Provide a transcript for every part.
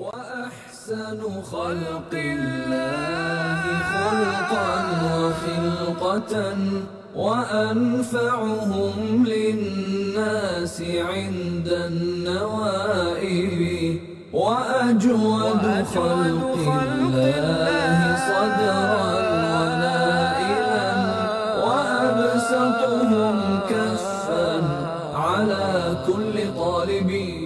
وأحسن خلق الله خلقا وخلقة وأنفعهم للناس عند النوائب وأجود خلق الله صدرا ونائلا وأبسطهم كفا على كل طالبين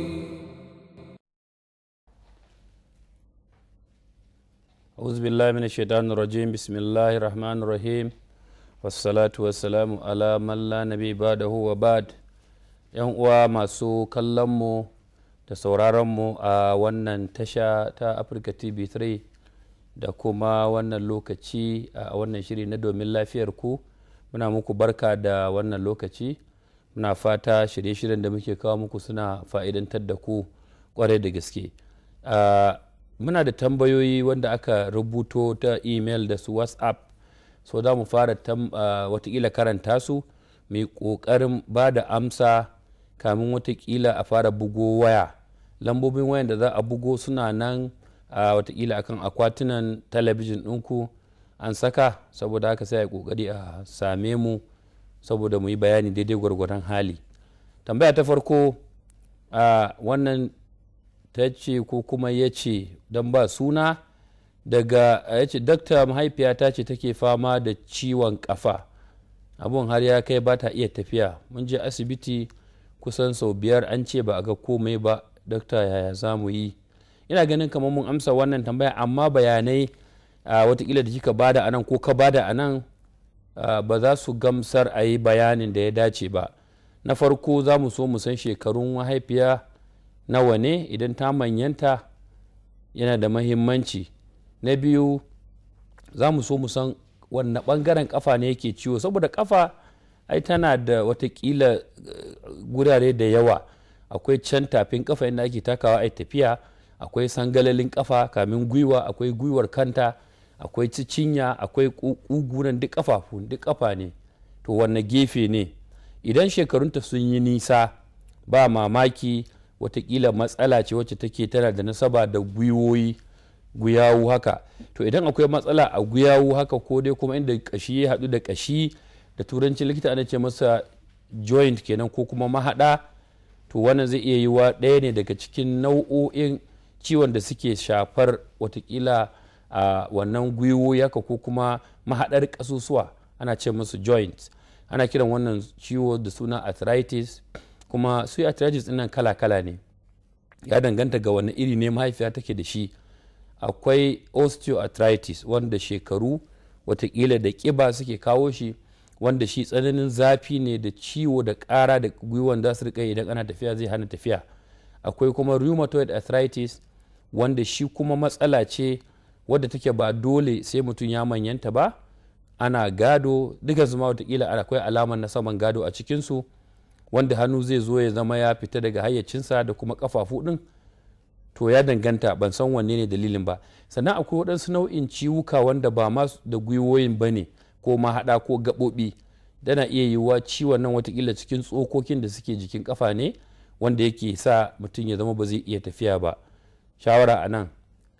أعوذ بالله من الشيطان الرجيم بسم الله الرحمن الرحيم والصلاة والسلام على من لا نبي yan uwa masu kallonmu da sauraronmu a wannan tasha ta Africa TV3 da kuma wannan lokaci a wannan shiri na domin lafiyar ku muna muku barka da wannan lokaci muna fata shirye-shiryen da muke kawo muku suna fa'idantar da ku kwarai da gaske muna da tambayoyi wanda aka rubuto ta email da su whatsapp so za mu fara ah, watakila karanta su mai kokarin ba da amsa kamin watakila a fara bugo waya lambobin wayan da za a bugo suna nan a watakila akan akwatunan talabijin ɗinku an saka saboda aka sai a kokari a same mu saboda mu yi bayani daidai gwargwaron hali tambaya ta farko ah, wannan ta ce ko kuma ya ce don ba suna daga ya ce dakta mahaifiyata ce take fama da ciwon kafa abun har ya kai ba ta iya tafiya mun je asibiti kusan sau biyar an ce ba a ga komai ba dakta yaya za mu yi ina ganin kamar mun amsa wannan tambaya amma bayanai a watakila da kika bada a nan ko ka bada a nan ba za su gamsar a yi bayanin da ya dace ba na farko za mu so mu san shekarun mahaifiya nawa ne idan ta manyanta yana da mahimmanci na biyu za mu so mu san wanne bangaren kafa ne yake ciwo saboda kafa ai tana da watakila eh, gurare da yawa akwai can tafin kafa inda ake takawa a tafiya akwai sangalalin kafa kamin gwiwa akwai gwiwar kanta akwai cicinya akwai kugunan duk kafafu duk kafa ne to wanne gefe ne idan shekarunta sun yi nisa ba mamaki watakila matsala ce wacce take tana da nasaba da gwiwoyi guyawu haka to idan akwai matsala a guyawu haka ko dai kuma inda kashi ya haɗu da kashi da turanci likita ana ce masa joint kenan ko kuma mahaɗa to wannan zai iya yiwa ɗaya ne daga cikin nau'o'in ciwon da suke shafar watakila a wannan gwiwoyi haka ko kuma mahaɗar ƙasusuwa ana ce musu joint ana kiran wannan ciwo da suna arthritis kuma su arthritis ɗin nan kala-kala ne ya danganta ga wani iri ne mahaifiya take da shi akwai osteoarthritis wanda shekaru watakila da ƙiba suke kawo shi wanda shi tsananin zafi ne da ciwo da ƙara da gwiwan za su rika idan ana tafiya zai hana tafiya akwai kuma rheumatoid arthritis wanda shi kuma matsala ce wadda take ba dole sai mutum ya manyanta ba ana gado duka zuma watakila akwai alamar na saman gado a cikinsu wanda hannu zai zo ya zama ya fita daga hayyacinsa da kuma kafafu din to ya danganta ban san wanne ne dalilin ba sannan akwai waɗansu nau'in ciwuka wanda ba ma da gwiwoyin ba ne ko mahaɗa ko gaɓoɓi dana iya yiwuwa ciwon nan watakila cikin tsokokin da suke jikin kafa ne wanda yake sa mutum ya zama ba zai iya tafiya ba shawara a nan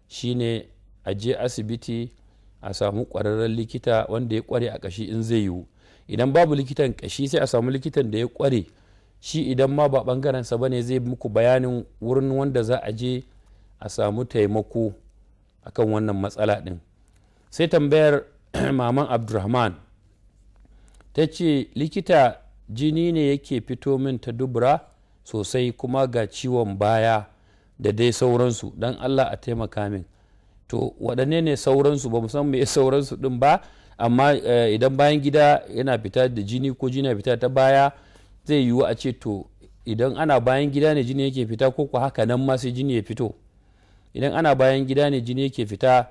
shine a je asibiti a samu ƙwararren likita wanda ya kware a kashi in zai yiwu idan babu likitan ƙashi sai a samu likitan da ya kware. shi idan ma ba bangarensa ba ne zai muku bayanin wurin wanda za a je a samu taimako akan wannan matsala din. sai tambayar maman abdulrahman ta ce likita jini ne yake fito min ta dubura sosai kuma ga ciwon baya da dai sauransu don allah a taimaka min to waɗanne ne sauransu ba san me sauransu din ba amma eh, idan bayan gida yana fita da jini ko jini fita ta baya zai yiwu a ce to idan ana bayan gida ne jini yake fita ko ku haka nan ma sai jini ya fito idan ana bayan gida ne jini yake fita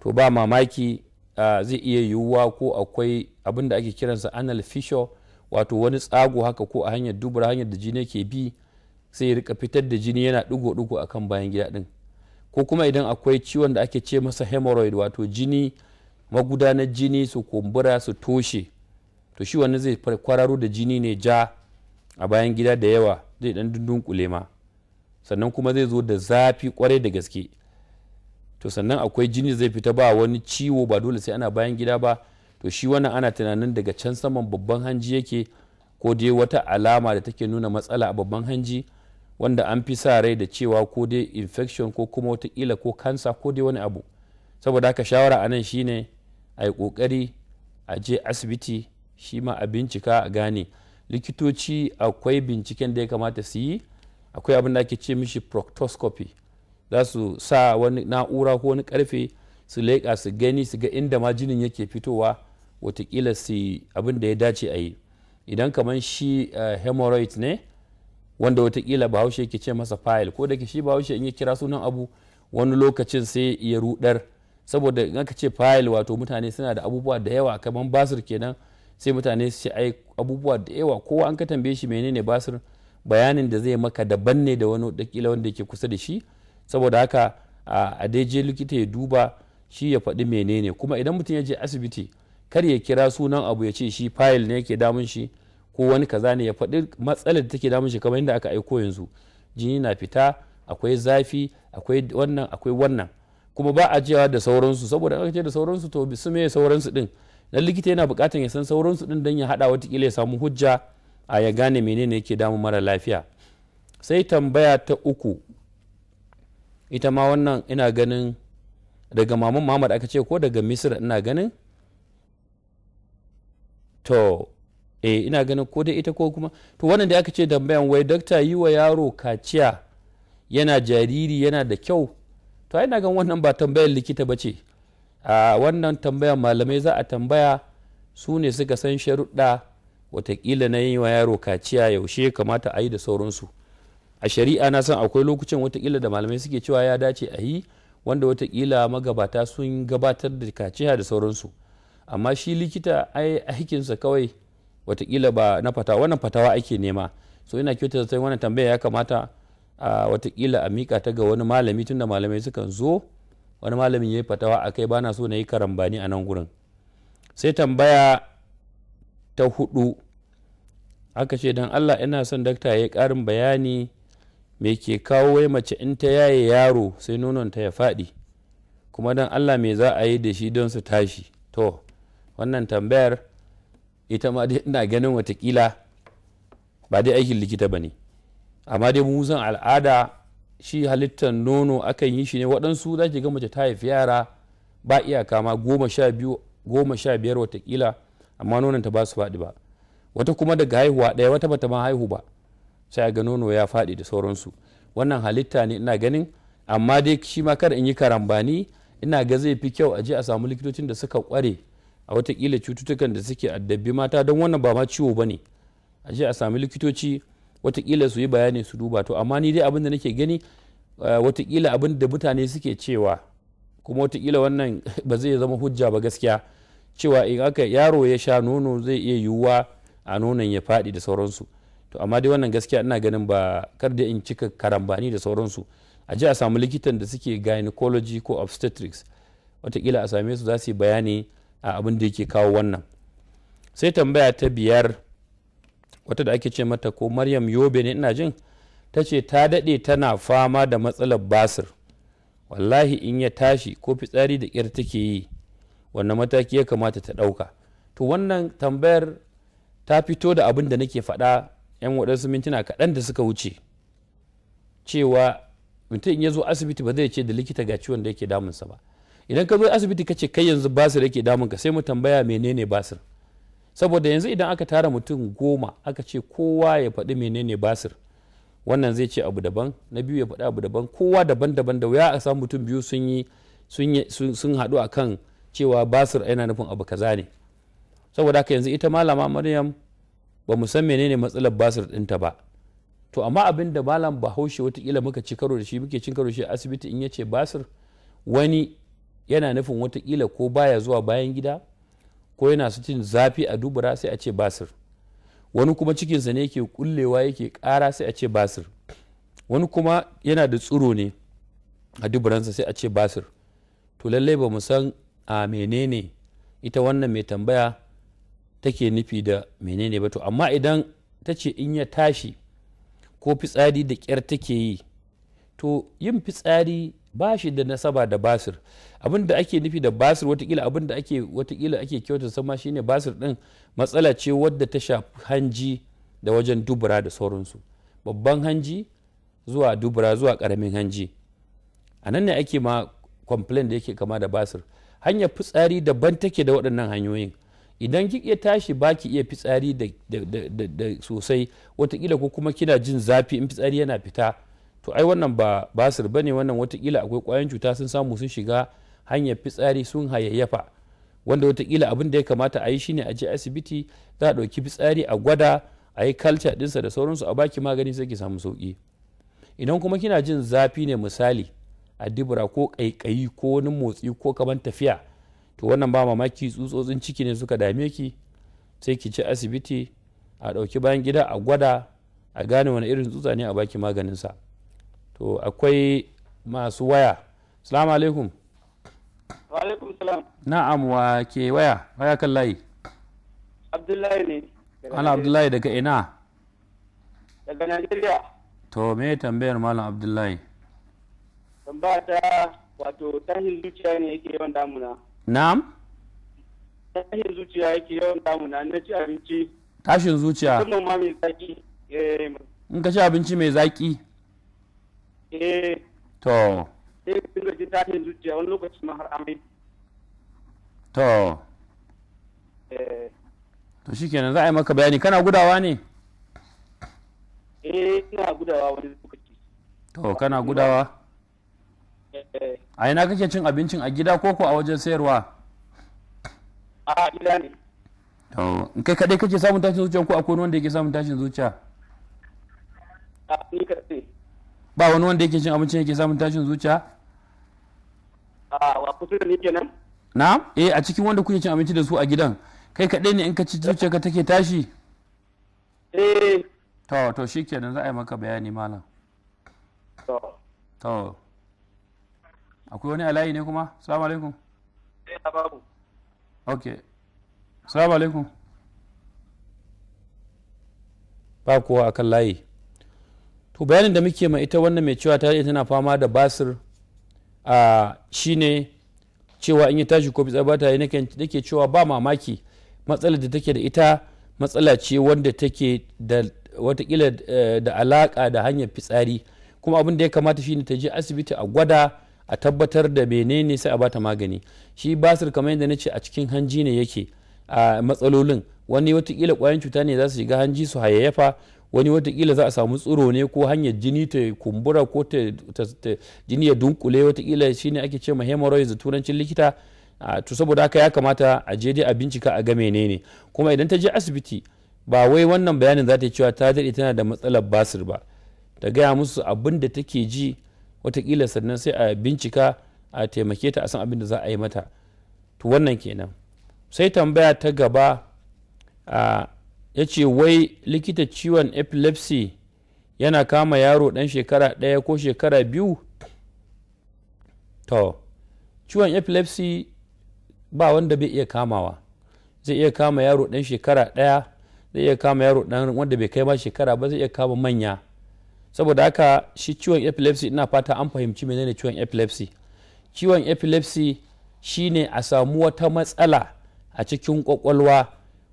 to ba mamaki zai iya yiwuwa ko akwai abin da ake kiransa anal fissure wato wani tsago haka ko a hanyar dubura hanyar da jini yake bi sai ya rika fitar da jini yana dugo dugo akan bayan gida din ko kuma idan akwai ciwon da ake ce masa hemorrhoid wato jini magudanar jini su kumbura su toshe to shi wani zai kwararo da jini ne ja a bayan gida da yawa zai dan dundun kulema sannan kuma zai zo da zafi kwarai da gaske to sannan akwai jini zai fita ba wani ciwo ba dole sai ana bayan gida ba to shi wannan ana tunanin daga can saman babban hanji yake ko dai wata alama da take nuna matsala a babban hanji wanda an fi sa rai da cewa ko dai infection ko kuma watakila ko kansa ko dai wani abu saboda haka shawara a nan shine a yi ƙoƙari a je asibiti shi ma a bincika a gane likitoci akwai binciken da ya kamata su yi akwai abin da ake ce mishi proctoscopy za su sa wani na'ura ko wani karfe su leƙa su gani su ga inda ma jinin yake fitowa watakila su abin da ya dace a yi idan kamar shi eh, hemorrhoid ne wanda watakila bahaushe yake ce masa file ko da ke shi bahaushe in ya kira sunan abu wani lokacin sai ya rudar saboda in aka ce file wato mutane suna da abubuwa da yawa kamar basir kenan sai mutane su ai abubuwa da yawa kowa an ka tambaye shi menene basir bayanin da zai maka daban ne da wani dakila wanda yake kusa da shi saboda haka a je likita ya duba shi ya faɗi menene kuma idan mutum ya je asibiti kar ya kira sunan abu ya ce shi fayil ne yake damun shi ko wani kaza ne ya faɗi matsalar da take damun shi kamar yadda aka aiko yanzu jini na fita akwai zafi akwai wannan akwai wannan kuma ba a cewa da sauransu saboda aka ce da sauransu to su me sauransu din dan likita yana buƙatar ya san sauransu din dan ya hada watakila ya samu hujja a ya gane menene yake damun mara lafiya sai tambaya ta uku ita ma wannan ina ganin daga maman muhammad aka ce ko daga misir ina ganin to eh ina ganin ko dai ita ko kuma to wannan da aka ce tambayan wai dakta yi wa yaro kaciya yana jariri yana da kyau to ai na gan wannan ba tambayar likita ba ce a wannan tambaya malamai za a tambaya su ne suka san sharuɗa watakila na yi wa yaro kaciya yaushe kamata a yi da sauransu a shari'a na san akwai lokacin watakila da malamai suke cewa ya dace a yi wanda watakila magabata sun gabatar da kaciya da sauransu amma shi likita ai aikinsa kawai watakila ba na fatawa wannan fatawa ake nema so ina kyautar sai wannan tambaya ya kamata a watakila a mika ta ga wani malami tunda malamai sukan zo wani malamin ya yi fatawa a kai bana so na yi karambani a nan gurin sai tambaya ta hudu aka ce don allah ina son dakta ya yi karin bayani me ke kawo wai mace in ta yaye yaro sai nononta ya faɗi kuma don allah me za a yi da shi don su tashi to wannan tambayar ita ma dai ina ganin watakila ba dai aikin likita ba ne amma dai mu al'ada shi halittar nono akan yi shi ne waɗansu za ki ga mace ta haifi yara ba iyaka ma goma sha biyu goma sha biyar watakila amma nonon ta ba su faɗi ba wata kuma daga haihuwa ɗaya wata bata ma haihu ba sai ga nono ya faɗi da sauransu wannan halitta ne ina ganin amma dai shi ma kada in yi karambani ina ga zai fi kyau a je a samu likitocin da suka kware a watakila cututtukan da suke addabi mata don wannan ba ma ciwo ba ne a je a samu likitoci watakila su yi bayani su duba to amma ni dai abin da nake gani eh, watakila abin da mutane suke cewa kuma watakila wannan ba zai zama hujja ba gaskiya cewa in aka yaro ya sha nono zai iya yiwuwa a nonon ya faɗi da sauransu to amma dai wannan gaskiya ina ganin ba kar da in cika karambani da sauransu a ji a samu likitan da suke gynecology ko obstetrics watakila a same su za su yi bayani a abin da yake kawo wannan sai tambaya ta biyar wata da ake ce mata ko maryam yobe ne ina jin ta ce ta daɗe tana fama da matsalar basir wallahi in ya tashi ko fitsari da ƙyar take yi wannan mataki ya kamata ta ɗauka to wannan tambayar ta fito da abin da nake faɗa 'yan waɗansu mintuna kaɗan da suka wuce cewa mutum in ya zo asibiti ba zai ce da likita ga ciwon da yake damunsa ba idan ka zo asibiti ka ce kai yanzu basir yake damunka sai mu tambaya menene basir saboda yanzu idan aka tara mutum goma aka ce kowa ya faɗi menene basir wannan zai ce abu daban na biyu ya faɗi abu daban kowa daban daban da wuya a samu mutum biyu sun yi sun haɗu a kan cewa basir yana nufin abu kaza ne saboda haka yanzu ita malama maryam ba mu san menene matsalar basir ɗinta ba to amma abin da malam bahaushe watakila muka ci karo da shi muke cin karo shi a asibiti in yace basir wani yana nufin watakila ko baya zuwa bayan gida ko yana su cin zafi a dubura sai a ce basir wani kuma cikinsa ne yake kullewa yake kara sai a ce basir wani kuma yana da tsiro ne a duburansa sai a ce basir to lallai ba mu san a menene ita wannan mai tambaya take nufi da menene ba to amma idan ta ce in ya tashi ko fitsari da ƙyar take yi to yin fitsari ba shi da nasaba da basir abin da ake nufi da basir watakila abin da ake watakila ake kyauta sama shine basir din matsala ce wadda ta shafi hanji da wajen dubura da sauransu babban hanji zuwa dubura zuwa karamin hanji a nan ne ake ma complain da yake kama da basir hanya fitsari daban take da waɗannan hanyoyin idan ki iya tashi baki iya fitsari da sosai watakila ko kuma kina jin zafi in fitsari yana fita to ai wannan ba basir ba ne wannan watakila akwai kwayan cuta sun samu sun shiga hanyar fitsari sun hayayyafa wanda watakila abin da ya kamata a yi shine a je asibiti za a ɗauki fitsari a gwada a yi kalca ɗinsa da sauransu a baki magani sai ki samu sauƙi idan kuma kina jin zafi ne misali a dibura ko ƙaiƙayi ko wani motsi ko kaman tafiya to wannan ba mamaki tsutsotsin ciki ne suka dame ki sai ki ci asibiti a ɗauki bayan gida a gwada a gane wani irin tsutsa ne a baki sa. to akwai masu waya salamu alaikum wa alaikum salam na'am wa ke waya waya kan layi abdullahi ne ana abdullahi daga ina daga najeriya to me tambayar malam abdullahi tambaya ta wato tahin zuciya ne yake yawan damuna na'am tashin zuciya yake yawan damuna na ci abinci tashin zuciya musamman ma mai zaki eh, in ka ci abinci mai zaki Eh, to sai eh, dinga tashin zuciya wani lokaci ma har amai to eh. to shikenan za a yi maka bayani kana gudawa ne eh ina gudawa wani lokaci to kana gudawa a ina kake cin abincin a gida koko a wajen sayarwa a gida ne to kai kadai kake samun tashin zuciya ko akwai wanda yake samun tashin zuciya a ni kadai ba wani wanda yake cin abincin yake samun tashin zuciya a wa kusa da ni kenan na eh a cikin wanda kuke cin abinci da su a gidan kai kaɗai ne in ka ci ka take tashi eh to to nan za a yi maka bayani malam to to akwai wani alayi ne kuma salamu alaikum eh babu okay salamu alaikum ba kowa akan layi to bayanin da muke ma ita wannan mai cewa ta tana fama da basir a shine cewa in ya tashi ko fitsari bata yi nake cewa ba mamaki matsalar da take da ita matsala ce wanda take da watakila eh, da alaka da hanyar fitsari kuma abin da ya kamata shine ta je asibiti a gwada a tabbatar da menene sai a bata magani shi basir kamar yadda na ce a cikin hanji ne yake a matsalolin wani watakila kwayan cuta ne za su shiga hanji su hayayyafa wani watakila za a samu tsiro ne ko hanyar jini ta kumbura ko ta jini ya dunkule watakila ne ake ce ma hemorrhoids da turancin likita to saboda haka ya kamata a je dai a bincika a ga menene kuma idan ta je asibiti ba wai wannan bayanin za ta yi cewa ta daɗe tana da matsalar basir ba ta gaya musu abin da take ji watakila sannan sai a bincika a taimake ta a san abin da za a yi mata to wannan kenan sai tambaya ta gaba a ya ce wai likita ciwon epilepsy yana kama yaro ɗan shekara ɗaya ko shekara biyu to ciwon epilepsy ba wanda bai iya kamawa zai iya kama yaro ɗan shekara ɗaya zai iya kama yaro ɗan wanda bai kai ma shekara ba zai iya kama manya saboda haka shi ciwon epilepsy ina fata an fahimci menene ciwon epilepsy ciwon epilepsy shine a samu wata matsala a cikin kwakwalwa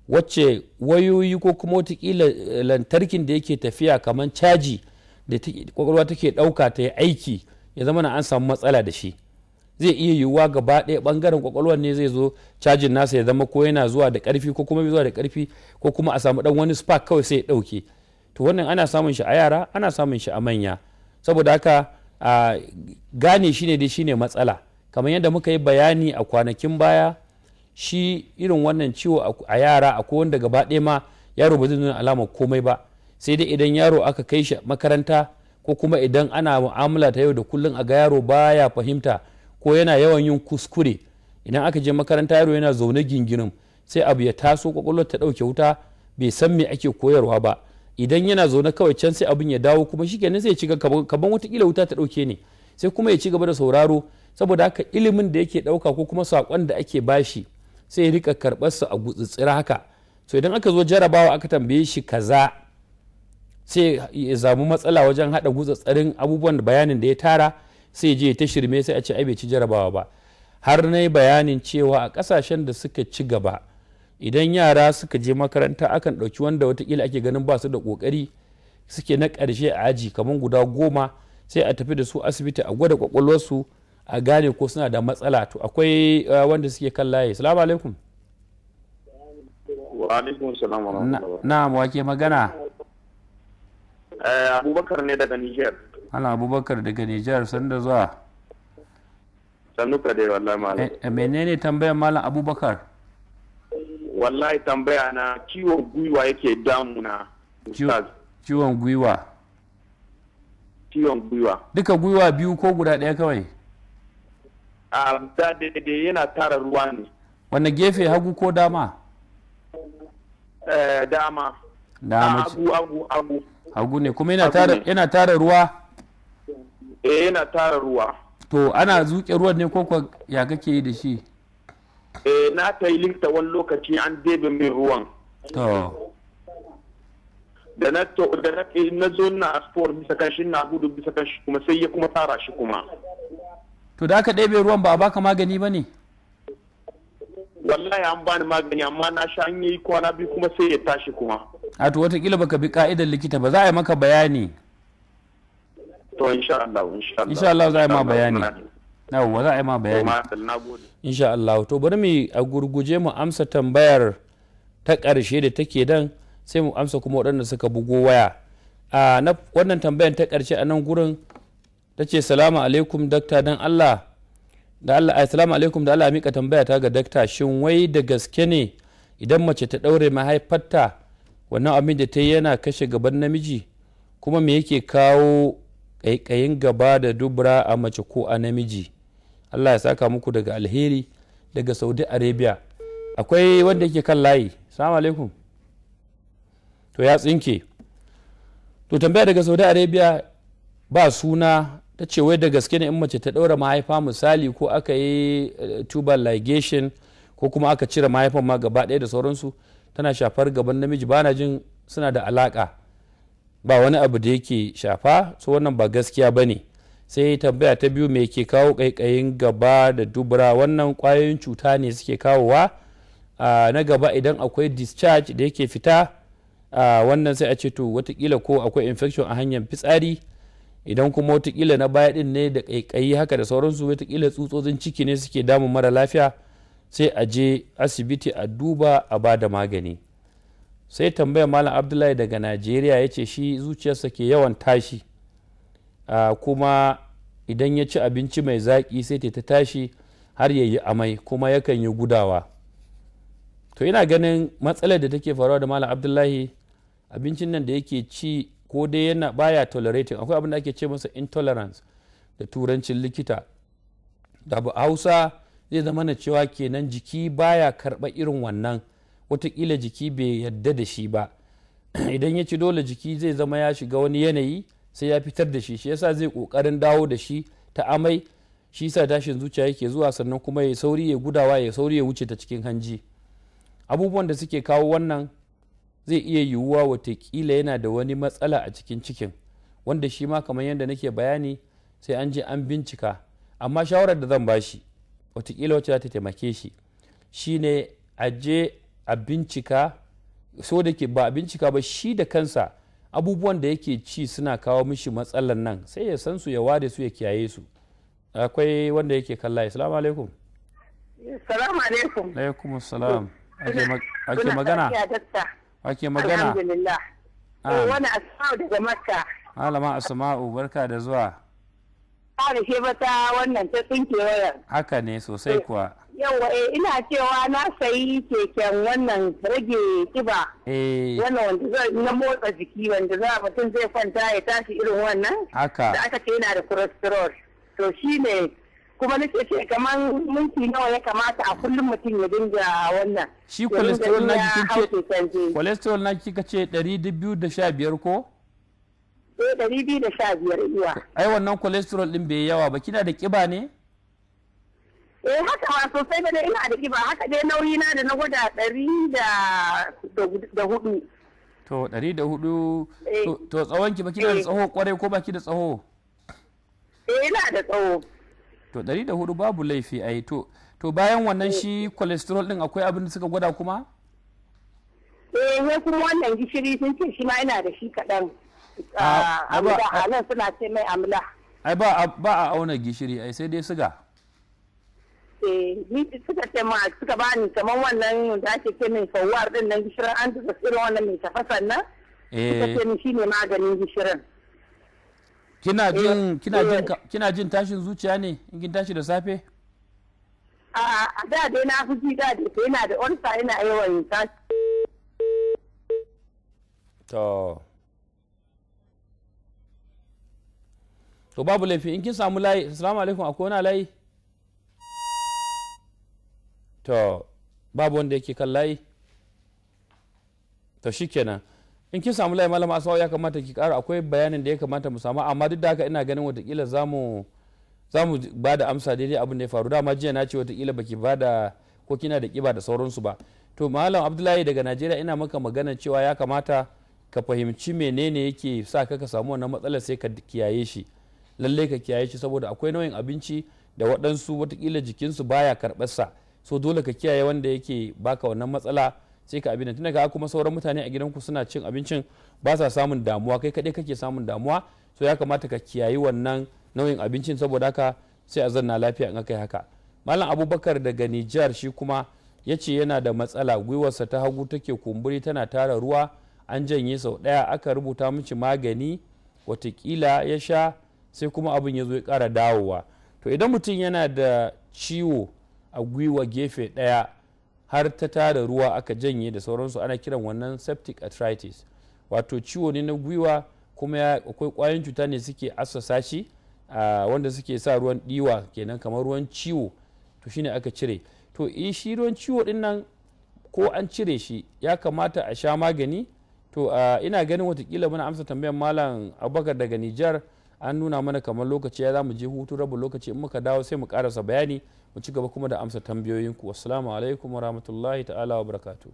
wacce wayoyi ko kuma watakila eh, lantarkin da yake tafiya kamar caji da kwakwalwa take ɗauka ta yi aiki ya zama na an samu matsala da shi zai iya yiwuwa gaba ɗaya ɓangaren kwakwalwar ne zai zo cajin nasa ya zama ko yana zuwa da ƙarfi ko kuma zuwa da ƙarfi ko kuma a samu ɗan wani spark kawai sai ya ɗauke to wannan ana samun shi a yara ana samun shi a manya saboda haka a gane shi ne dai ne matsala kamar yadda muka yi bayani a kwanakin baya shi irin wannan ciwo a yara a kowanne gaba ɗaya ma yaro ba zai nuna alama komai ba sai dai idan yaro aka kai shi makaranta ko kuma idan ana mu'amala ta yau da kullum a ga yaro baya fahimta ko yana yawan yin kuskure idan aka je makaranta yaro yana zaune gingirin sai abu ya taso kwakwalwar ta ɗauke wuta bai san me ake koyarwa ba idan yana zaune kawai can sai abin ya dawo kuma shi kenan sai ya ci kaban watakila wuta ta ɗauke ne sai kuma ya ci gaba da sauraro saboda haka ilimin da yake ɗauka ko kuma saƙon da ake bashi sai ya rika karɓar su a gutsitsira haka so idan aka zo jarabawa aka tambaye shi kaza sai ya zamu matsala wajen haɗa tsarin abubuwan bayanin da ya tara sai je ta shirme sai a ce ai ci jarabawa ba har na yi bayanin cewa a ƙasashen da suka ci gaba idan yara suka je makaranta akan ɗauki wanda watakila ake ganin ba su da ƙoƙari suke na ƙarshe a aji kamar guda goma sai a tafi da su asibiti a gwada ƙwaƙwalwarsu a gane ko suna da matsala to akwai uh, wanda suke kan layi salamu alaikum wa salam wa na wa ke magana eh, abubakar ne daga niger ana abubakar daga niger sanda zuwa sanuka dai wallahi malam eh, eh, menene tambayar malam abubakar wallahi tambaya na ciwon gwiwa yake damuna ciwon gwiwa ciwon gwiwa duka gwiwa biyu ko guda ɗaya kawai da daidai yana tara ruwa ne wanda gefe hagu ko dama eh, dama dama ah, hagu hagu hagu hagu ne kuma yana tara ruwa eh yana tara ruwa to ana zuke ruwan ne ko ya kake yi da shi eh na ta yi linta wani lokaci an debe min ruwan to da na to da na na zo na sport bisa kan shi na gudu bisa kan shi kuma sai ya kuma tara shi kuma to da aka ɗebe ruwan ba a baka magani ba ne wallahi an bani magani amma na sha an yi kwana biyu kuma sai ya tashi kuma a to watakila baka bi ka'idar likita ba za a yi maka bayani to insha Allah insha Allah za a yi ma bayani yawwa za a yi ma bayani insha Allah to bari mu a gurguje mu amsa tambayar ta ƙarshe da take dan sai mu amsa kuma waɗanda suka bugo waya a wannan tambayar ta ƙarshe a nan gurin ta ce salamu alaikum dakta don allah da allah salamu alaikum da allah mika tambaya ta ga dakta shin wai da gaske ne idan mace ta daure mahaifarta wannan abin da ta yi yana kashe gaban namiji kuma me yake kawo ƙaiƙayin gaba da dubura a mace ko a namiji allah ya saka muku daga alheri daga saudi arabia akwai wanda yake kan layi salamu alaikum to ya tsinke to tambaya daga saudi arabia ba suna ta ce wai da gaske ne in mace ta ɗaura mahaifa misali ko aka yi eh, tubal ligation ko kuma aka cire mahaifan ma gaba ɗaya da sauransu tana shafar gaban namiji bana jin suna da alaka ba wani abu da yake shafa so wannan ba gaskiya ba ne sai tambaya ta biyu me ke kawo ƙaiƙayin gaba da dubura wannan kwayoyin cuta ne suke kawowa na gaba idan akwai discharge da yake fita wannan sai a ce to watakila ko akwai infection a hanyar fitsari idan kuma watakila na baya din ne da kaikayi haka da sauransu watakila tsutsotsin ciki ne suke damun mara lafiya sai a je asibiti a duba a ba da magani sai tambaya malam abdullahi daga najeriya ya ce shi zuciyarsa ke yawan tashi kuma idan ya ci abinci mai zaƙi sai ta tashi har ya yi amai kuma yakan yi gudawa to ina ganin matsalar da take faruwa da malam abdullahi abincin nan da yake ci ko dai yana baya tolerating akwai abin da ake ce masa intolerance da turancin likita da bu hausa zai zama na cewa kenan jiki baya karɓa irin wannan watakila jiki bai yadda da shi ba idan ya ci dole jiki zai zama ya shiga wani yanayi sai ya fitar da shi shi yasa zai kokarin dawo da shi ta amai shi sa tashin zuciya yake zuwa sannan kuma ya sauri ya gudawa ya sauri ya wuce ta cikin hanji abubuwan da suke kawo wannan zai iya yiwuwa watakila yana da wani matsala a cikin cikin wanda shi ma kamar yadda nake bayani sai an je an bincika amma shawarar da zan bashi watakila wacce za ta taimake shi shine a je a bincika so da ke ba a bincika ba shi da kansa abubuwan da yake ci suna kawo mishi matsalan nan sai ya san su ya ware su ya kiyaye su akwai wanda yake kalla assalamu alaikum assalamu alaikum alaikum salam. ake magana wake magana alhamdulillah ah. eh, wani asma'u daga makka malama asma'u barka da zuwa fara ah, ke bata wannan ta tsinke wayar haka ne sosai eh, kuwa yawa eh, ina cewa na sayi keken wannan rage kiba wannan wanda zai na motsa jiki wanda za mutum zai kwanta ya tashi irin wannan haka da aka ce yana da cholesterol to shine kuma nake ce kamar minti nawa ya kamata a kullum mutum ya dinga wannan shi cholesterol na ki ce cholesterol na kika ce 215 ko eh 215 iya ai wannan cholesterol din bai yawa ba kina da kiba ne eh haka ma sosai ba dai ina da kiba haka dai nauyi na da na gwada hudu. to 104 eh. to tsawon ki ba kina da eh. tsaho kwarai ko ba ki da tsaho eh ina da tsaho to 104 babu laifi a to to bayan wannan shi cholesterol din akwai abin da suka gwada kuma eh ne kuma wannan gishiri sun ce shi ma ina da shi kaɗan a ah, nan suna ce mai amla ai ba ba a auna gishiri ai sai dai suga eh suka ce ma suka ba ni kamar wannan da ake ce min fawar din nan gishirin an tuka irin wannan mai tafasan nan suka eh. ce min shine maganin gishirin kina eh, jin kina jin eh. kina jin tashin zuciya ne in kin tashi da safe a da dai na fi da dai yana da onsa yana yawan tashi to to babu laifi in kin samu layi assalamu alaikum akwai wani layi to babu wanda yake kan layi to shikenan in kin samu layi malama asawa ya kamata ki kara akwai bayanin da ya kamata mu samu amma duk da haka ina ganin watakila zamu zamu ba da amsa daidai abin da ya faru dama jiya na ce watakila baki ba da ko kina da kiba da sauransu ba to malam abdullahi daga najeriya ina maka magana cewa ya kamata ka fahimci menene yake sa ka ka samu wannan matsalar sai ka kiyaye shi lalle ka kiyaye shi saboda akwai nau'in abinci da waɗansu watakila jikinsu baya karɓarsa so dole ka kiyaye wanda yake baka wannan matsala sai ka abin tunda ka kuma sauran mutane a gidanku suna cin abincin ba sa samun damuwa kai kadai kake samun damuwa so ya kamata ka kiyayi wannan nauyin abincin saboda haka sai a zanna lafiya in aka haka malam abubakar daga nijar shi kuma ya ce yana da matsala gwiwarsa ta hagu take kumburi tana tara ruwa an janye sau ɗaya aka rubuta mishi magani watakila ya sha sai kuma abin ya zo ya kara dawowa to idan mutum yana da ciwo a gwiwa gefe ɗaya har ta tara ruwa aka janye da sauransu ana kiran wannan septic arthritis wato ciwo ne na gwiwa kuma akwai kwayoyin cuta ne suke assasa shi wanda suke sa ruwan diwa kenan kamar ruwan ciwo to shine aka cire to in shi ruwan ciwo din nan ko an cire shi ya kamata a sha magani to ina ganin watakila muna amsa tambayar malam abubakar daga nijar an nuna mana kamar lokaci ya za mu je hutu rabin lokaci in muka dawo sai mu karasa bayani mu ci gaba kuma da amsa tambayoyinku assalamu alaikum wa rahmatullahi ta'ala wa barakatu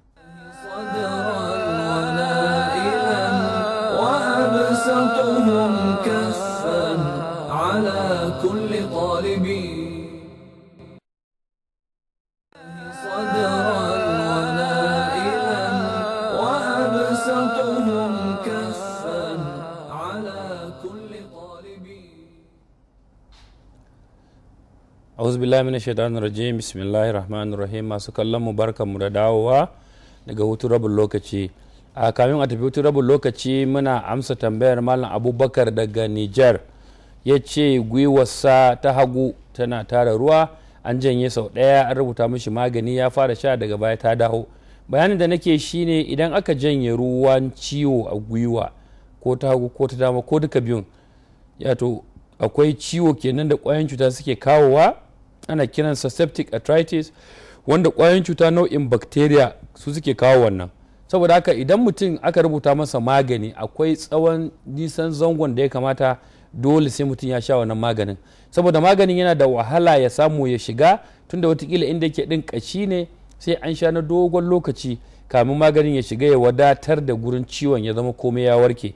على auzu billahi minash shaitanir rajim bismillahir rahmanir rahim masu kallon mu barkan mu da dawowa daga hutu rabin lokaci a kamin a tafi hutu rabin lokaci muna amsa tambayar malam abubakar daga niger ya ce gwiwarsa ta hagu tana tara ruwa an janye sau ɗaya an rubuta mishi magani ya fara sha daga baya ta dawo bayanin da nake shine idan aka janye ruwan ciwo a gwiwa ko ta hagu ko ta dama ko duka biyun yato akwai ciwo kenan da kwayan cuta suke kawowa ana kiran septic arthritis wanda kwayoyin cuta nau'in bacteria su suke kawo wannan saboda haka idan mutum aka rubuta masa magani akwai tsawon nisan zangon da ya kamata dole sai mutum ya sha wannan maganin saboda maganin yana da wahala ya samu ya shiga tunda watakila inda yake din kashi ne sai an sha na dogon lokaci kamin maganin ya shiga ya wadatar da gurin ciwon ya zama komai ya warke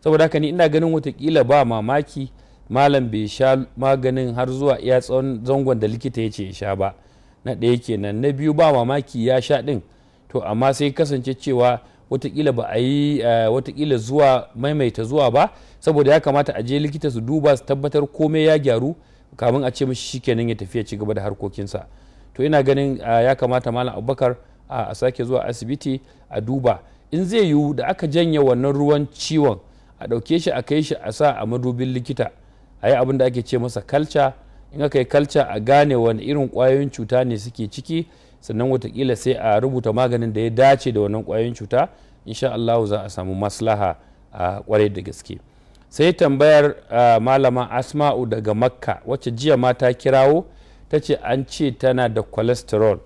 saboda haka ni ina ganin watakila ba mamaki malam bai sha maganin har zuwa iya tsawon zangon da likita ya ce ya sha ba na ɗaya kenan na biyu ba mamaki ya sha ɗin to amma sai kasance cewa watakila ba a yi eh, watakila zuwa maimaita zuwa ba saboda ya kamata a je likita su duba su tabbatar komai ya gyaru kamin a ce mishi kenan ya tafi ya ci gaba da harkokinsa to ina ganin eh, ya kamata malam abubakar a sake zuwa asibiti a duba in zai yiwu da aka janye wannan ruwan ciwon a ɗauke shi a kai shi a sa a madubin likita a yi abin da ake ce masa kalca in aka yi kalca a gane wani irin kwayoyin cuta ne suke ciki sannan watakila sai a rubuta maganin da ya dace da wannan kwayoyin cuta insha Allah za a samu maslaha a kwarai da gaske sai tambayar malama asma'u daga makka wacce jiya ma ta kirawo ta ce an ce tana da cholesterol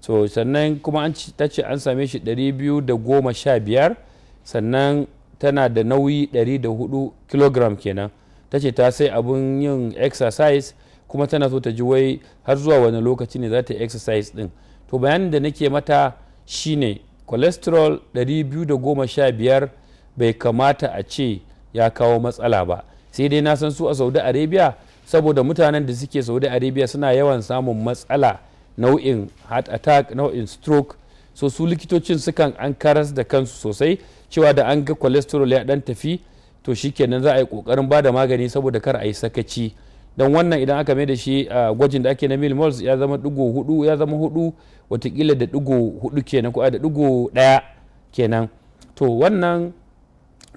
so sannan kuma ta ce an same shi 215 sannan tana da nauyi 104 kilogram kenan ta ce ta sai abun yin exercise kuma tana so ta ji wai har zuwa wani lokaci ne za ta yi exercise din to bayanin da nake mata shine cholesterol 215 bai kamata a ce ya kawo matsala ba sai dai na san su a saudi arabia saboda mutanen da suke saudi arabia suna yawan samun matsala nau'in heart attack nau'in stroke so su likitocin sukan an karas da kansu sosai cewa da an ga cholesterol ya dan tafi to shi kenan za a yi kokarin ba da magani saboda kar a yi sakaci don wannan idan aka mai da shi a gwajin da ake na mols ya zama dugo hudu ya zama hudu watakila da dugo hudu kenan ko da dugo daya kenan to wannan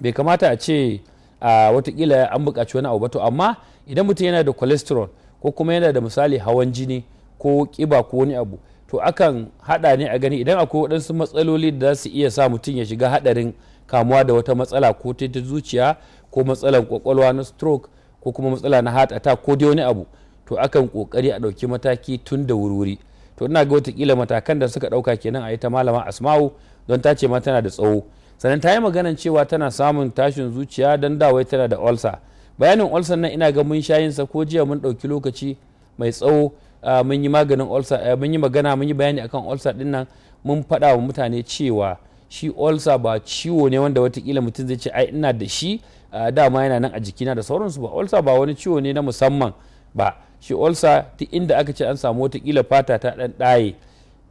bai kamata a ce a watakila an bukaci wani abu ba to amma idan mutum yana da cholesterol ko kuma yana da misali hawan jini ko kiba ko wani abu to akan hada ne a gani idan akwai wadansu matsaloli da za su iya sa mutum ya shiga hadarin kamuwa da wata matsala ko ta zuciya ko matsalar kwakwalwa na stroke ko kuma matsala na heart attack ko dai wani abu to akan kokari a ɗauki mataki tun da wuri to ina ga watakila matakan da suka ɗauka kenan a yi ta malama asma'u don ta ce ma tana da tsawo sannan ta yi maganan cewa tana samun tashin zuciya don dawai tana da olsa bayanin ulcer nan ina ga mun shayin sa ko jiya mun ɗauki lokaci mai tsawo mun yi maganin olsa mun yi magana mun yi bayani akan olsa ɗin nan mun faɗa wa mutane cewa shi olsa ba ciwo ne wanda watakila mutum zai ce ai ina da shi ah, dama yana nan a jikina da sauransu ba olsa ba wani ciwo ne na musamman ba shi olsa duk inda aka ce an samu watakila fata ta dan daye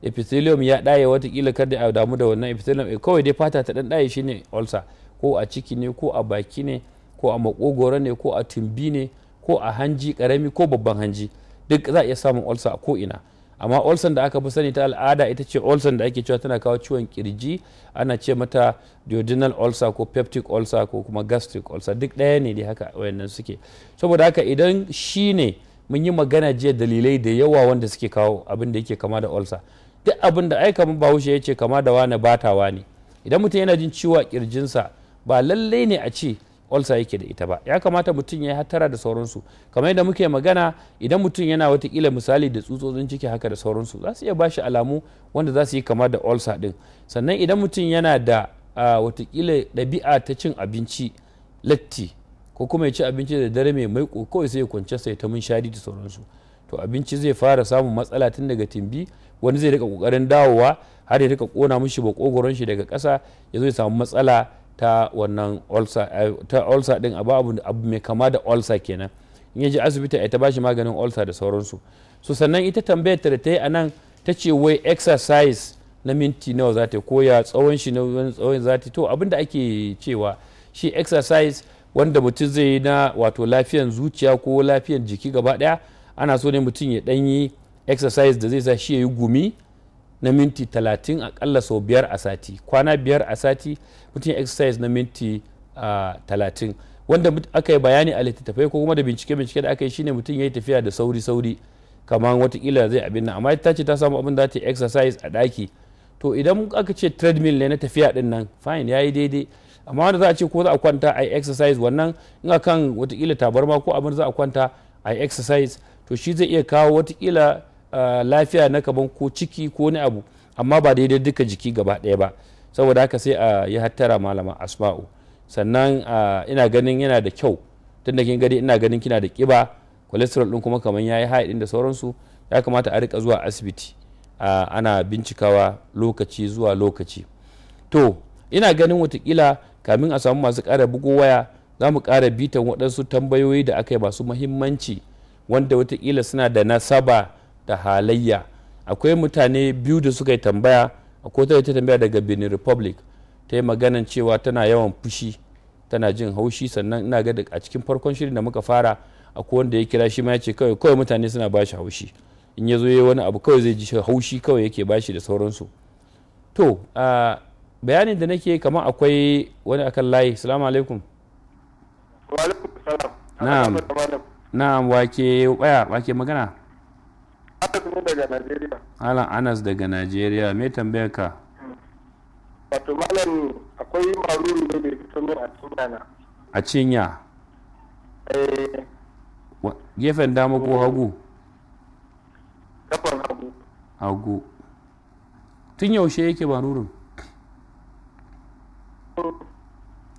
epithelium ya ɗaye watakila kada a damu da wannan epithelium eh, kawai dai fata ta dan ɗaye shine olsa ko a ciki ne ko a baki ne ko a makogoro ne ko a tumbi ne ko a hanji karami ko babban hanji duk za a iya samun olsa a ko ina amma olson da aka fi sani ta al'ada ita ce olson da ake cewa tana kawo ciwon kirji ana ce mata duodenal ulcer ko peptic ulcer ko kuma gastric ulcer duk ɗaya ne dai haka wayannan suke saboda haka idan shi ne mun yi magana jiya dalilai da yawa wanda suke kawo abin da yake kama da ulcer duk abin da ai kamar bahaushe ya ce kama da wane batawa ne idan mutum yana jin ciwo a kirjinsa ba lallai ne a ce olsa yake da ita ba ya kamata mutum ya yi hattara da sauransu kamar yadda muke magana idan mutum yana watakila misali da tsutsotsin ciki haka da sauransu za su iya shi alamu wanda za su yi kama da olsa din sannan idan mutum yana da watakila ɗabi'a ta cin abinci latti ko kuma ya ci abinci da dare mai mai kawai sai ya kwance sai ta munshari da sauransu to abinci zai fara samun matsala tun daga timbi wani zai rika kokarin dawowa har ya rika kona mishi bakogoron shi daga ƙasa ya zo ya samu matsala ta wannan ulcer eh, din abu abu mai kama da ulcer kenan in ya je asibiti ai ta bashi maganin ulcer da sauransu so sannan ita tambayar ta da ta yi a ta ce wai exercise na minti nawa za ta koya tsawon shi na wani tsawon za ta to abin da ake cewa shi exercise wanda mutum zai yi na wato lafiyan zuciya ko lafiyan jiki gaba daya ana so ne mutum ya danyi exercise da zai sa shi ya yi gumi na minti talatin akalla sau biyar a sati kwana biyar a sati mutum exercise na minti talatin wanda aka yi bayani a littattafai ko kuma da bincike-bincike da aka yi shine mutum ya yi tafiya da sauri-sauri kamar watakila zai abin nan amma ta ce ta samu abin da ta exercise a daki to idan aka ce treadmill ne na tafiya din nan fine ya yi daidai amma wanda za a ce ko za a kwanta a exercise wannan in akan watakila tabarma ko abin za a kwanta a exercise to shi zai iya kawo watakila lafiya na kaban ko ciki ko wani abu amma ba daidai duka jiki gaba ɗaya ba saboda haka sai a yi hattara malama asma'u sannan ina ganin yana da kyau tunda kin gani ina ganin kina da kiba cholesterol din kuma kamar yayi din da sauransu ya kamata a rika zuwa asibiti ana bincikawa lokaci zuwa lokaci to ina ganin watakila kamin a samu masu ƙara bugo waya za mu ƙara bitan waɗansu tambayoyi da aka yi masu muhimmanci wanda watakila suna da nasaba da halayya akwai mutane biyu da suka yi tambaya a ta ta tambaya daga benin republic ta yi maganan cewa tana yawan fushi tana jin haushi sannan ina ga a cikin farkon shirin da muka fara a wanda ya kira shi ma ya ce kawai kawai mutane suna bashi haushi in ya zo ya wani abu kawai zai ji haushi kawai yake bashi da sauransu to bayanin da nake kamar akwai wani akan layi salamu alaikum na'am na'am wake waya wake magana Anas ne daga Najeriya. Alan Anas daga Najeriya, me tambayar ka? Wato malam akwai maruru ne da fito min a cinya A cinya? Eh. Gefen dama ko hagu? Gefen hagu. Hagu. Tun yaushe yake marurun?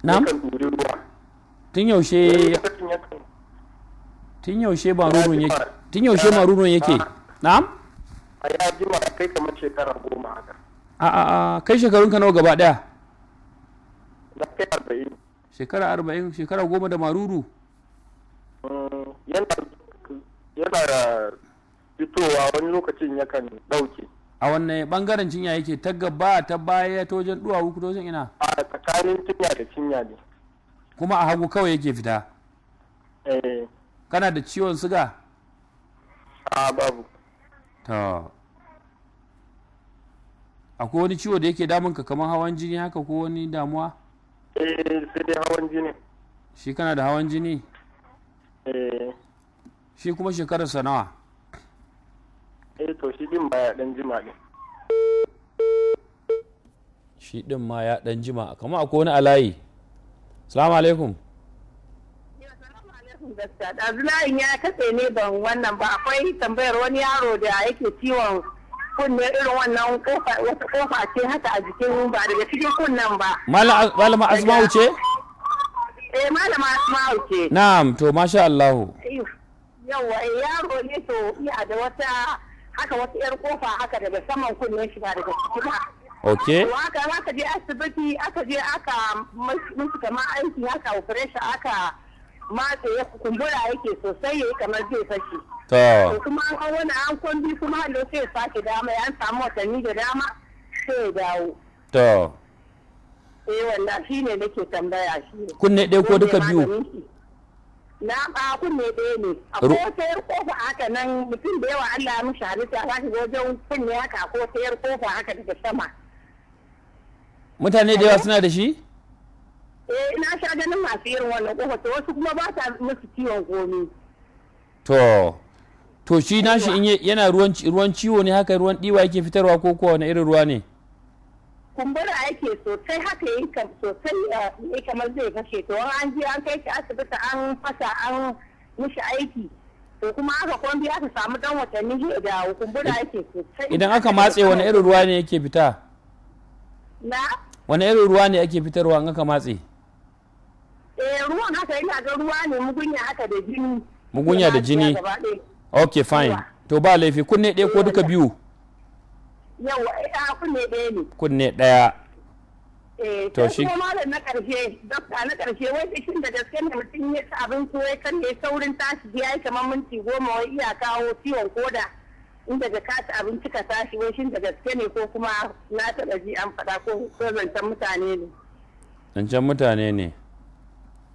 Na'am? Tun yaushe ya... Tun yaushe marurun yake? Tun yaushe marurun yake? na'am a ya jima kai kamar shekara goma haka a a A'a, kai shekarun ka nawa gaba daya na kai arba'in shekara arba'in shekara goma da maruru mm, yana yana fitowa wani lokacin yakan dauke a wanne bangaren cinya yake ta gaba ta baya ta wajen duwa, uku ta ina a tsakanin cinya da cinya ne kuma a hagu kawai yake fita eh kana da ciwon suga a babu akwai wani ciwo da yake damun ka kamar hawan jini haka ko wani damuwa eh sai dai hawan jini shi kana da hawan jini eh shi kuma shekararsa nawa eh to shi din baya dan jima ne shi din ma ya dan jima kamar akwai wani alayi salamu alaikum Ɗazu layin ya katse ne ban wannan ba akwai tambayar wani yaro da yake ciwon kunne irin wannan wata kofa ce haka a jikin ba daga cikin kunnen ba. Malama Asma'u ce? Eh malama Asma'u ce. Na'am to masha Allahu. Yawwa eh, yaro ne to iya da wata haka wata yar kofa haka daga saman kunnen shi ba daga ciki ba. Ok. Haka haka je asibiti aka je aka mun suka ma aiki haka operation aka mata ya kumbura yake sosai ya yi kamar zai fashe. To. kuma an kawo wani an kwambi kuma hallo sai ya sake dama ya samu watanni da dama sai ya dawo. To. Eh wannan shi ne nake tambaya shi ne. Kunne ɗaya ko duka biyu? Na ba kunne ɗaya ne. a ko sayar kofa haka nan mutum da yawa Allah ya mishi halitta za ka wajen kunne haka ko sayar kofa haka daga sama. Mutane da yawa suna da shi? eh na sha ganin masu irin wannan kofa wasu kuma ba ta musu ciwon komi to to shi nashi in yana ruwan ruwan ciwo ne haka ruwan diwa yake fitarwa ko kuwa wani irin ruwa ne kumbura yake sosai haka yi sosai ne eh, eh, kamar zai kashe to an ji an kai shi asibiti an fasa an mishi aiki to kuma aka kwambi aka samu dan watanni zai dawo kumbura yake sosai idan aka matse wani irin ruwa ne yake fita na wani irin ruwa ne ake fitarwa in aka matse eh ruwan haka yana ga ruwa ne mugunya haka da jini mugunya da jini ok fine to ba laifi kunne ɗaya ko duka biyu yau eh, a kunne ɗaya ne kunne ɗaya eh, to shi kuma malam na karshe dokta na karshe wai shi da gaske ne mutum ya ci abin wai kan ne saurin tashi ya yi kamar minti goma wai iya kawo ciwon koda in daga ka ci abinci ka tashi wai shin da gaske ne ko kuma na taɓa ji an faɗa ko zancen mutane ne Zancen mutane ne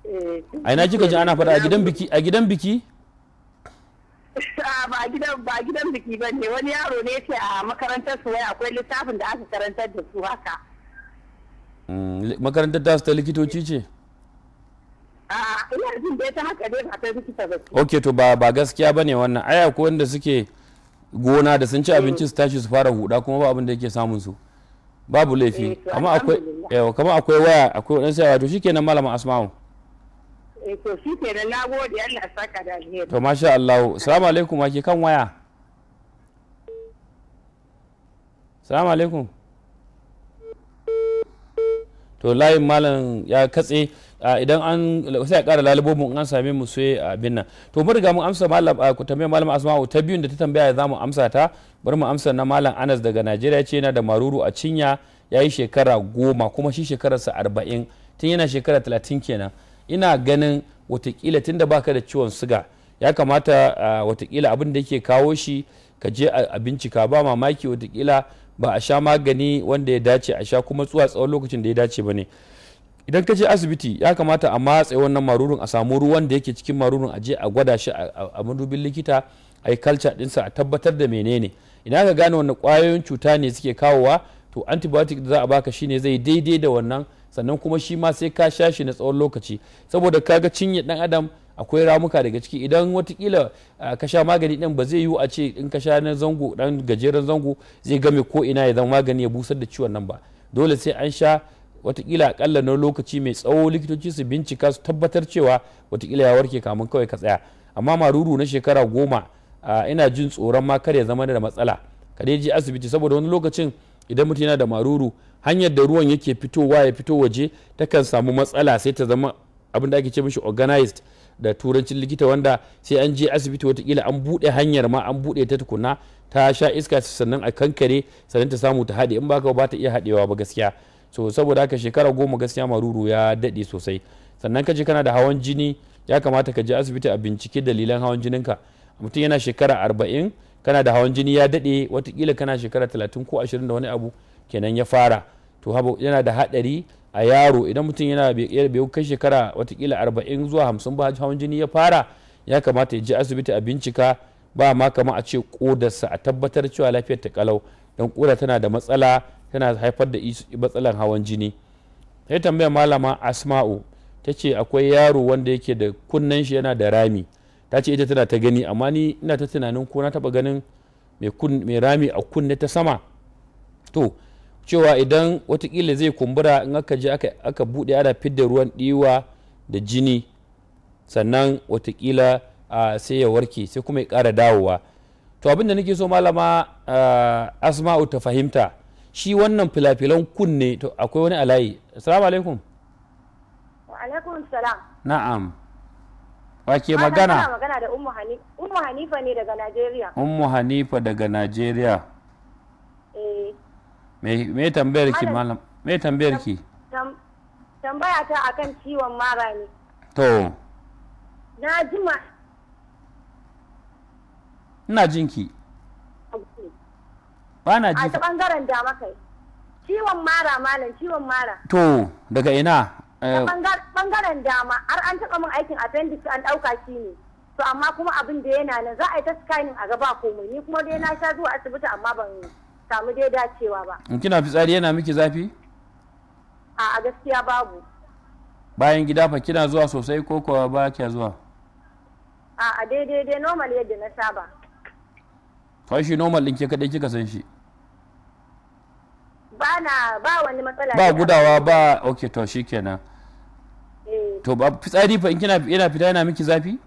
Eh, a ina kika ji ana faɗa a gidan biki a gidan biki ba gidan ba gidan biki ba ne wani yaro ne ce a makarantar su wai akwai littafin da aka karantar da su haka mm, makarantar ta su ta likitoci ce ina jin ta haka dai ba ta likita ba ok to ba ba gaskiya ba ne wannan aya ko wanda suke gona da sun ci mm. abinci su tashi su fara huda kuma ba abin da yake samun su babu laifi eh, amma akwai waya akwai wadansu yawa to shikenan malama asma'u Eh, to shi ke da nagode Allah saka da alheri to masha Allah salamu alaikum ake kan waya salamu alaikum to layin malam ya katse idan an sai a kara lalibobin an same mu sai abin nan to mu riga mun amsa malam ku tambaye malam asma'u ta biyun da ta tambaya za mu amsa ta bari mu amsa na malam anas daga najeriya ce yana da maruru a cinya ya yi shekara goma kuma shi shekararsa arba'in tun yana shekara talatin kenan ina ganin watakila tun tunda baka da ciwon suga ya kamata watakila abin da yake kawo shi ka je a bincika ba mamaki watakila ba a sha magani wanda ya dace a sha kuma tsuwa tsawon lokacin da ya dace ba ne idan ka je asibiti ya kamata a matse wannan marurun a samu ruwan da yake cikin marurun a je a gwada shi a madubin likita a yi kalca dinsa a tabbatar da menene ina ka gane wannan kwayoyin cuta ne suke kawowa to antibiotic da za a baka shine zai daidai da wannan sannan kuma shi ma sai ka sha shi na tsawon lokaci saboda kaga cinye dan adam akwai ramuka daga ciki idan watakila ka sha magani din ba zai yiwu a ce in ka sha na zango dan gajeren zango zai game ko ina ya zama magani ya busar da ciwon nan ba dole sai an sha watakila akalla na lokaci mai tsawo likitoci su bincika su tabbatar cewa watakila ya warke kamun kawai ka tsaya amma maruru na shekara goma ina jin tsoron ma kar ya zama da matsala ka je asibiti saboda wani lokacin idan mutum yana da maruru hanyar da ruwan yake fitowa ya fito waje takan samu matsala sai ta zama abin da ake ce mishi organized da turancin likita wanda sai an je asibiti watakila an buɗe hanyar ma an buɗe ta tukuna ta sha iska sannan a kankare sannan ta samu ta haɗe in ba ba ta iya haɗewa ba gaskiya so saboda haka shekara goma gaskiya maruru ya daɗe sosai sannan ka je kana da hawan jini ya kamata ka je asibiti a bincike dalilan hawan jininka mutum yana shekara arba'in kana da hawan jini ya daɗe watakila kana shekara talatin ko ashirin da wani abu kenan ya fara to yana da haɗari a yaro idan mutum yana bai kai shekara watakila arba'in zuwa hamsin ba hawan jini ya fara ya kamata ya je asibiti a bincika ba ma kama a ce kodarsa a tabbatar cewa lafiyar ta kalau don koda tana da matsala tana haifar da matsalan hawan jini sai tambayar malama asma'u ta ce akwai yaro wanda yake da kunnen shi yana da rami ta ce ita tana ta gani amma ni ina ta tunanin ko na taba ganin mai rami a kunne ta sama to cewa idan watakila zai kumbura in aka je aka buɗe ana fidda ruwan ɗiwa da jini sannan watakila sai ya warke sai kuma ya ƙara dawowa to abin da nake so malama asma'u ta fahimta shi wannan filafilan kunne to akwai wani alayi assalamu alaikum wa alaikum salam na'am wa ke magana magana da ummu hanifa ummu hanifa ne daga najeriya ummu hanifa daga najeriya eh me tambayar ki malam me tambayar ki tambaya ta akan ciwon mara ne to na jima ina jinki ba na ji a bangaren da makai ciwon mara malam ciwon mara to daga ina bangaren eh, dama har an taɓa min aikin appendix an ɗauka shi ne to amma kuma abin da yana nan za a yi ta scanning a gaba komai ni kuma dai na sha zuwa asibiti amma ban samu dai dacewa ba in kina fitsari yana miki zafi a gaskiya babu bayan gida fa kina zuwa sosai ko kuwa ba kya zuwa a a daidai dai normal yadda na saba to shi normal din ke kadai kika san shi ba na ba wani matsala ba gudawa ba okay to shi kenan. Eh. to ba fitsari fa in kina yana fita yana miki zafi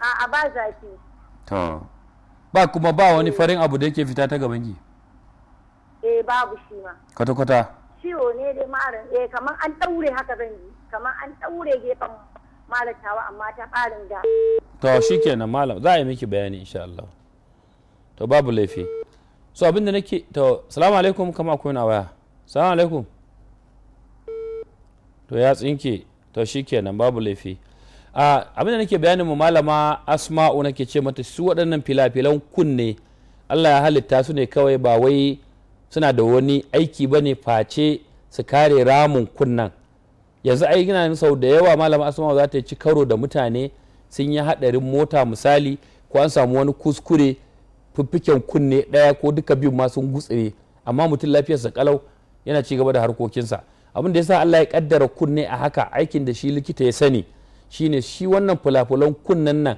a a ba zafi to ba kuma ba wani farin abu da yake fita ta gaban ki eh babu shi ma kwata kwata ciwo ne dai malam eh kamar an daure haka zan yi. kamar an daure gefen malatawa amma ta ɓarin da to shikenan malam za a yi miki bayani insha Allah to babu laifi so abinda nake to salamu alaikum kama akwai na waya salamu alaikum to ya tsinke to shikenan babu laifi abin da nake bayanin mu malama asma'u nake ce mata su waɗannan filafilan kunne allah ya halitta su ne kawai ba wai suna da wani aiki ba ne face su kare ramun kunnan yanzu ai gina sau da yawa malama asma'u za ta ci karo da mutane sun yi haɗarin mota misali ko an samu wani kuskure fiffiken kunne ɗaya ko duka biyu ma sun gutsire amma mutum lafiyarsa kalau yana ci gaba da harkokinsa abin da yasa allah ya kaddara kunne a haka aikin da shi likita ya sani shine shi wannan fulafulan kunnen nan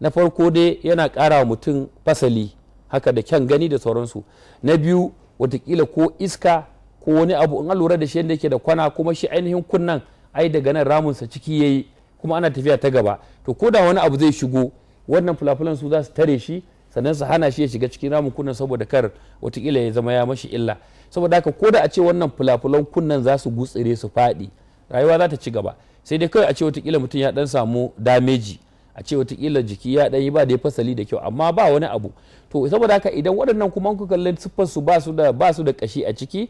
na farko dai yana kara wa mutum fasali haka da kyan gani da sauransu na biyu watakila ko iska ko wani abu in lura da shi yadda yake da kwana kuma shi ainihin kunnan ai daga nan ramunsa ciki yayi kuma ana tafiya ta gaba to ko da wani abu zai shigo wannan fulafulan su za su tare shi sannan su hana shi ya shiga cikin ramun kunnan saboda kar watakila ya zama ya mashi illa saboda haka ko da a ce wannan fulafulan kunnan za su gutsire su faɗi rayuwa za ta ci gaba sai dai kawai a ce watakila mutum ya dan samu dameji a ce watakila jiki ya dan yi ba da ya fasali da kyau amma ba wani abu to saboda haka idan waɗannan kuma ku kalli siffar su ba su da ba su da kashi a ciki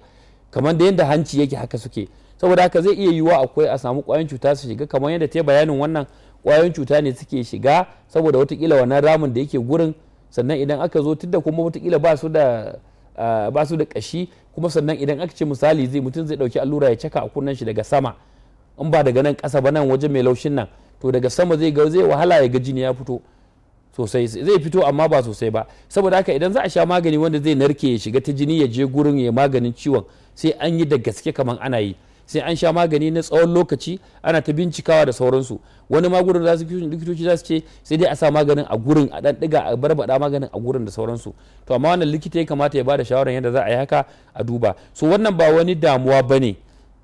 kamar da yadda hanci yake haka suke saboda haka zai iya yiwuwa akwai a samu ƙwayoyin cuta su shiga kamar yadda ta bayanin wannan ƙwayoyin cuta ne suke shiga saboda watakila wannan ramin da yake gurin sannan idan aka zo tunda kuma watakila ba su da ah, ba su da kashi kuma sannan idan aka ce misali zai mutum zai dauki allura ya caka a kunnen shi daga sama in ba daga nan kasa ba nan waje mai laushin nan to daga sama zai ga zai wahala ya ga jini ya fito sosai zai fito amma ba sosai ba saboda haka idan za a sha magani wanda zai narke ya shiga ta jini ya je gurin ya maganin ciwon sai an yi da gaske kamar ana yi sai an sha magani na tsawon lokaci ana ta bincikawa da sauransu wani magurin za su likitoci za su ce sai dai a sa maganin a gurin a dan diga a barbada maganin a gurin da sauransu to amma wannan likita ya kamata ya bada shawaran yadda za a yi haka a duba so wannan ba wani damuwa bane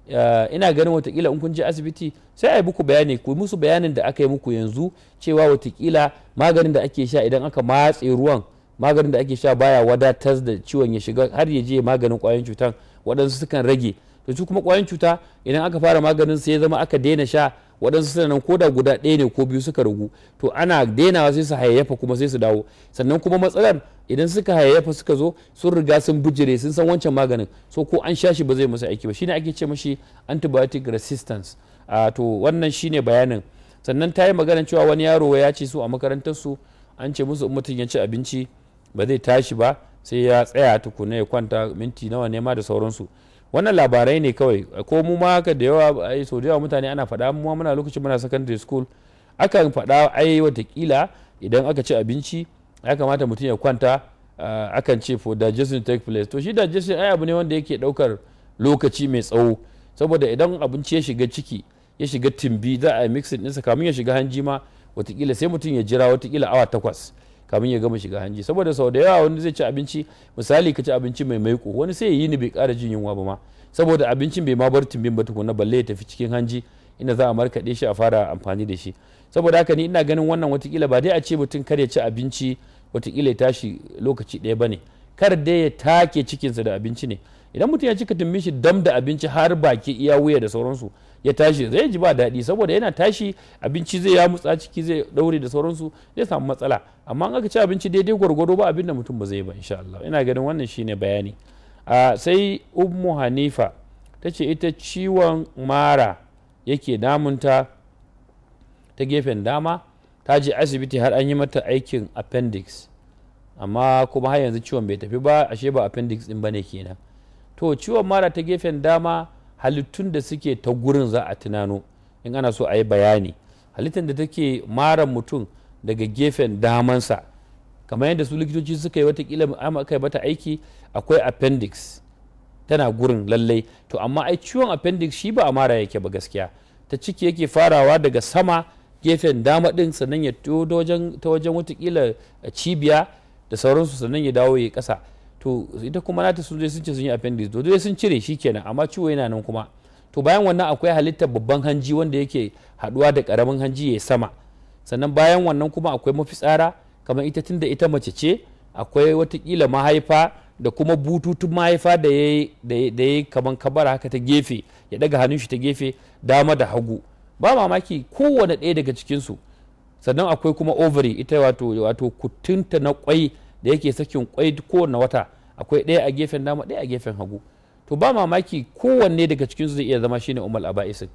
Eh, ina ganin watakila in kun je asibiti sai a yi muku bayani ku musu bayanin da aka yi muku yanzu cewa watakila maganin da ake sha idan aka matse ruwan maganin da ake sha baya wadatar da ciwon ya shiga har ya je maganin kwayoyin cutan waɗansu sukan rage to su kuma kwayoyin cuta idan aka fara maganin sai ya zama aka daina sha waɗansu suna nan koda guda ɗaya ne ko biyu suka ragu to ana dainawa sai su hayayyafa kuma sai su dawo sannan kuma matsalar idan suka hayayyafa suka zo sun riga sun bijire sun san wancan maganin so ko an shashi ba zai musu aiki ba shine ake ce mashi antibiotic resistance a to wannan shine bayanin sannan ta yi maganin cewa wani yaro ya ce su a makarantar su an ce musu mutum ya ci abinci ba zai tashi ba sai ya tsaya tukuna ya kwanta minti nawa ne ma da sauransu wannan labarai ne kawai ko mu ma haka da yawa so da yawa mutane ana faɗa mu muna lokacin muna secondary school akan faɗa ai watakila idan aka ci abinci ya kamata mutum ya kwanta eh, akan ce for digestion take place to shi digestion ai abu ne wanda yake daukar lokaci mai tsawo saboda idan abinci ya shiga ciki ya shiga timbi za a mixing ɗinsa kamin ya shiga hanji ma watakila sai mutum ya jira watakila awa takwas kamin ya gama shiga hanji saboda sau da yawa wani zai ci abinci misali ka ci abinci mai maiko wani sai ya yi ni bai kara jin yunwa ba ma saboda abincin bai ma bar timbin ba tukuna balle ya tafi cikin hanji ina za a markaɗe shi a fara amfani da shi saboda haka ni ina ganin wannan watakila ba dai a ce mutum kar ya ci abinci watakila ya tashi lokaci ɗaya ba ne kar dai ya take cikinsa da abinci ne idan mutum ya cika tumbin shi dam da abinci har baki iya wuya da sauransu ya tashi zai ji ba daɗi saboda yana tashi abinci zai ya mutsa ciki zai ɗaure da sauransu zai samu matsala amma an aka ci abinci daidai gwargwado ba abin da mutum ba zai ba insha Allah ina ganin wannan shine bayani a sai ummu hanifa ta ce ita ciwon mara yake damunta ta gefen dama ta je asibiti har an yi mata aikin appendix amma kuma har yanzu ciwon bai tafi ba ashe ba appendix din bane kenan to ciwon mara ta gefen dama halittun da suke ta gurin za a tunano in ana so a yi bayani halittun da take mara mutum daga gefen damansa kamar yadda su likitoci suka yi watakila aka yi mata aiki akwai appendix tana gurin lallai to amma ai ciwon appendix shi ba a mara yake ba gaskiya ta ciki yake farawa daga sama gefen dama din sannan ya ta wajen watakila cibiya da sauransu sannan ya dawo ya kasa to ita kuma nata sun sun ce sun yi appendix to sun cire shi kenan amma ciwo yana nan kuma to bayan wannan akwai halittar babban hanji wanda yake haduwa da karamin hanji ya sama sannan bayan wannan kuma akwai mafitsara kamar ita tunda ita mace ce akwai watakila mahaifa da kuma bututun mahaifa da ya yi kamar kabara haka ta gefe ya daga hannun shi ta gefe dama da hagu ba mamaki kowane ɗaya daga cikinsu sannan akwai kuma ovary ita wato wato kutunta na kwai da yake sakin kwai kowane wata akwai ɗaya a gefen dama ɗaya a gefen hagu to ba mamaki kowanne daga cikinsu zai iya zama shine umal aba'isin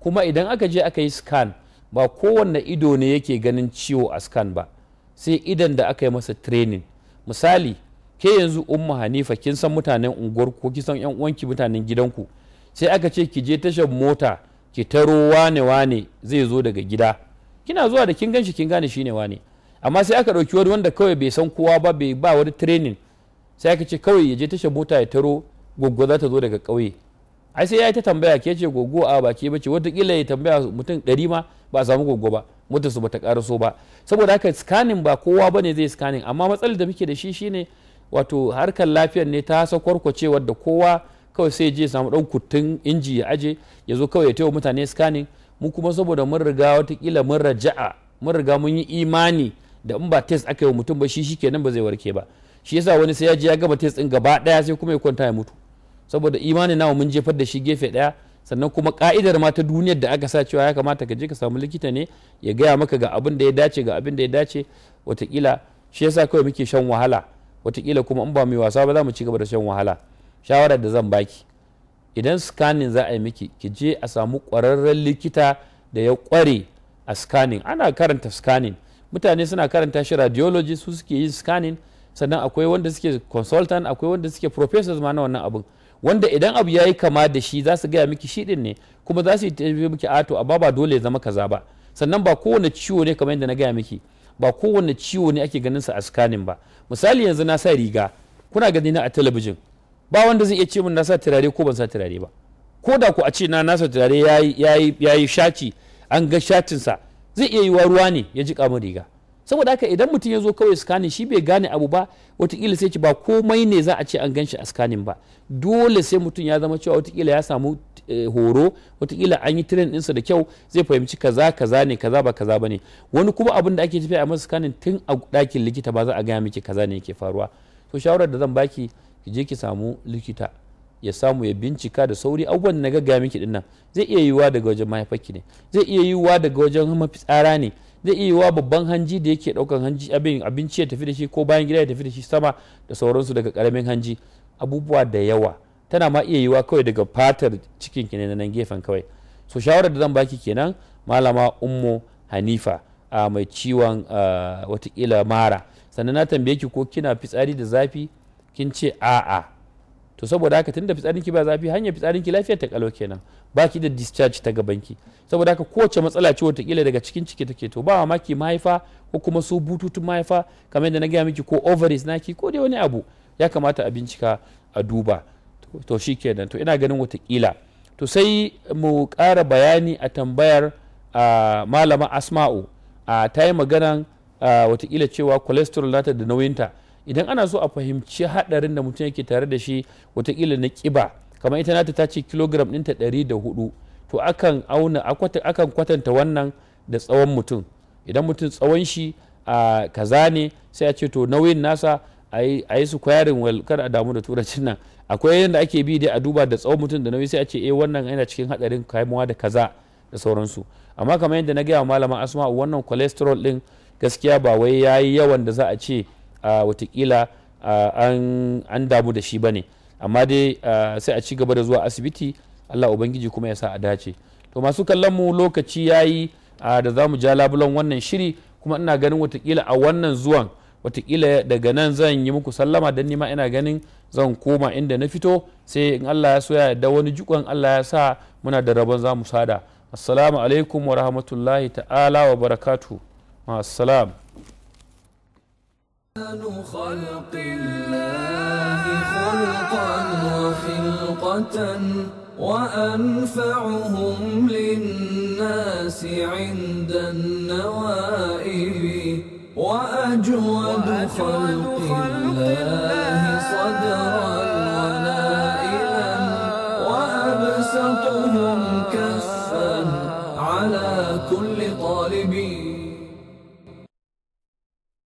kuma idan aka je aka yi scan ba kowanne ido ne yake ganin ciwo a scan ba sai idan da aka yi masa training misali ke yanzu umma hanifa kin san mutanen unguwar ko kin san yan uwanki mutanen gidanku sai aka ce ki je tashar mota ki taro wane wane zai zo daga gida kina zuwa da kin ganshi kin gane shine wane amma sai aka dauki wani wanda kawai bai san kowa ba bai ba wani training sai aka ce kawai ya je tashar mota ya taro goggo za ta zo daga ƙauye ai sai ya ta tambaya ke ce goggo a baki ba ce kila ya tambaya mutum ɗari ma ba a samu goggo ba mutum su bata karaso ba saboda haka scanning ba kowa ba ne zai scanning amma matsalar da muke da shi shine wato harkar lafiyar ne ta sakwarkwacewar da kowa kawai sai je samu ɗan kutun inji ya aje ya zo kawai ya taiwa mutane scanning mu kuma saboda mun riga watakila mun raja'a mun riga mun yi imani da in ba test aka yi wa mutum ba shi nan ba zai warke ba shi yasa wani sai ya je ya gama test din gaba daya sai kuma ya kwanta ya mutu saboda imani nawa mun jefar da shi gefe daya sannan kuma ka'idar ma ta duniyar da aka sa cewa ya kamata ka je ka samu likita ne ya gaya maka ga abin da ya dace ga abin da ya dace watakila shi yasa kawai muke shan wahala watakila kuma in ba mai wasa ba za mu ci gaba da shan wahala shawarar da zan baki idan scanning za a yi miki ki je a samu kwararren likita da ya ƙware a scanning ana karanta scanning mutane suna karanta shi radiology su suke yin scanning sannan akwai wanda suke consultant akwai wanda suke professors ma na wannan abin wanda idan abu ya yi kama da shi za su gaya miki shi din ne kuma za su yi miki ato ah, amma ba dole ya zama kaza ba sannan ba kowane ciwo ne kamar yadda na gaya miki ba kowane ciwo ne ake ganin sa a scanning ba misali yanzu na sa riga kuna gani na a talabijin ba wanda zai iya ce min na turare ko ban sa turare ba ko da ku a ce na nasa turare ya yi shaci an ga shacinsa zai iya yiwa ruwa ne ya ji mu riga saboda haka idan mutum ya zo kawai scanning shi bai gane abu ba watakila sai ce ba komai ne za a ce an ganshi a scanning ba dole sai mutum ya zama cewa watakila ya samu eh, horo watakila an yi training sa da kyau zai fahimci kaza kaza ne kaza ba kaza ba ne wani kuma abin da ake tafiya a masa scanning tun a ɗakin likita ba za a gaya miki kaza ne yake faruwa to shawarar da zan baki ki je ki samu likita ya samu ya bincika da sauri abubuwan na gaggaya miki dinnan zai iya yiwuwa daga wajen mahaifarki ne zai iya yiwuwa daga wajen mafitsara ne zai iya yiwuwa babban hanji da yake daukan hanji abin abinci ya tafi da shi ko bayan gida ya tafi da shi sama da sauransu daga karamin hanji abubuwa da yawa tana ma iya yiwuwa kawai daga fatar cikin ki ne na nan gefen kawai so shawarar da zan baki kenan malama ummu hanifa a ah, mai ciwon ah, watakila mara sannan na tambaye ki ko kina fitsari da zafi kin ce a'a to saboda haka tunda fitsarinki ba zafi hanyar fitsarinki lafiyar ta kalo kenan baki da discharge ta gabanki saboda haka kowace matsala ce watakila daga cikin ciki take to ba maki mahaifa ko kuma su bututun mahaifa kamar yadda na gaya miki ko ovaries naki ko dai wani abu ya kamata a bincika a duba to shi kenan to ina ganin watakila to sai mu kara bayani a tambayar malama asma'u ta yi maganan watakila cewa cholesterol nata da nauyinta idan ana so a fahimci haɗarin da mutum yake tare da shi watakila na ƙiba kamar ita nata ta ce kilogram ɗinta ɗari da hudu to akan auna akan kwatanta wannan da tsawon mutum idan mutum tsawon shi a kaza ne sai a ce to nauyin nasa a yi su kwayarin wal kar a damu da turancin nan akwai yadda ake bi dai a duba da tsawon mutum da nauyi sai a ce eh wannan yana cikin haɗarin kaimuwa da kaza da sauransu amma kamar yadda na gaya wa malama asma wannan cholesterol din gaskiya ba wai yayi yawan da za a ce watakila an damu da shi ba ne amma dai sai a ci gaba da zuwa asibiti allah ubangiji kuma ya sa a dace to masu kallon mu lokaci ya yi da za mu ja labulan wannan shiri kuma ina ganin watakila a wannan zuwan watakila daga nan zan yi muku sallama don nima ina ganin zan koma inda na fito sai in allah ya soya ya da wani jikon allah ya sa muna da rabon za mu sada assalamu alaikum wa rahmatullahi ta'ala wa barakatu ma خلق الله خلقا وخلقة وأنفعهم للناس عند النوائب وأجود خلق الله صدرا